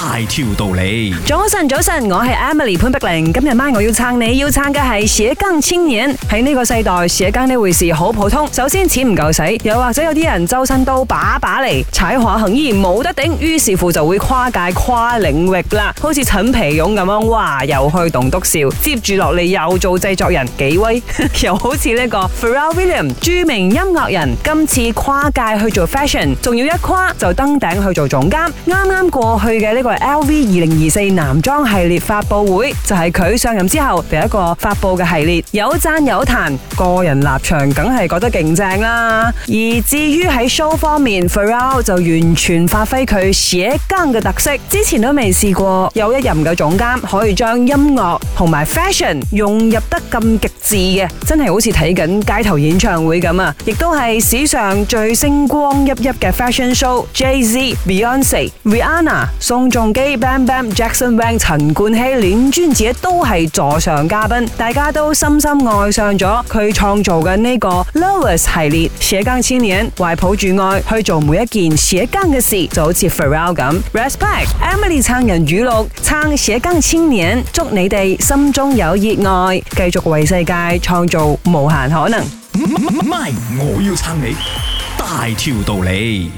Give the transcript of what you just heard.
大條道理，早晨早晨，我係 Emily 潘碧玲。今日晚我要撐你，要撐嘅係斜槓青年，喺呢個世代斜槓呢回事好普通。首先錢唔夠使，又或者有啲人周身刀把把嚟踩下行，依然冇得頂。於是乎就會跨界跨領域啦，好似陳皮勇咁樣，哇又去棟篤笑，接住落嚟又做製作人，幾威？ 又好似呢個 Pharrell William 著名音樂人，今次跨界去做 fashion，仲要一跨就登頂去做總監。啱啱過去嘅呢、這個。L.V. 二零二四男裝系列發佈會就係、是、佢上任之後第一個發佈嘅系列，有贊有彈，個人立場梗係覺得勁正啦。而至於喺 show 方面，Pharrell 就完全發揮佢寫更嘅特色，之前都未試過有一任嘅總監可以將音樂同埋 fashion 融入得咁極致嘅，真係好似睇緊街頭演唱會咁啊！亦都係史上最星光熠熠嘅 fashion show，Jay Z、Beyonce、Rihanna 送容基、Bam Bam、Jackson Wang、陳冠希、連尊姐都係座上嘉賓，大家都深深愛上咗佢創造嘅呢個 Lovers 系列《斜槓青年》，懷抱住愛去做每一件斜槓嘅事，就好似 Farewell 咁。Respect，Emily 撐人語錄，撐斜槓青年，祝你哋心中有熱愛，繼續為世界創造無限可能。MY，我要撐你，大條道理。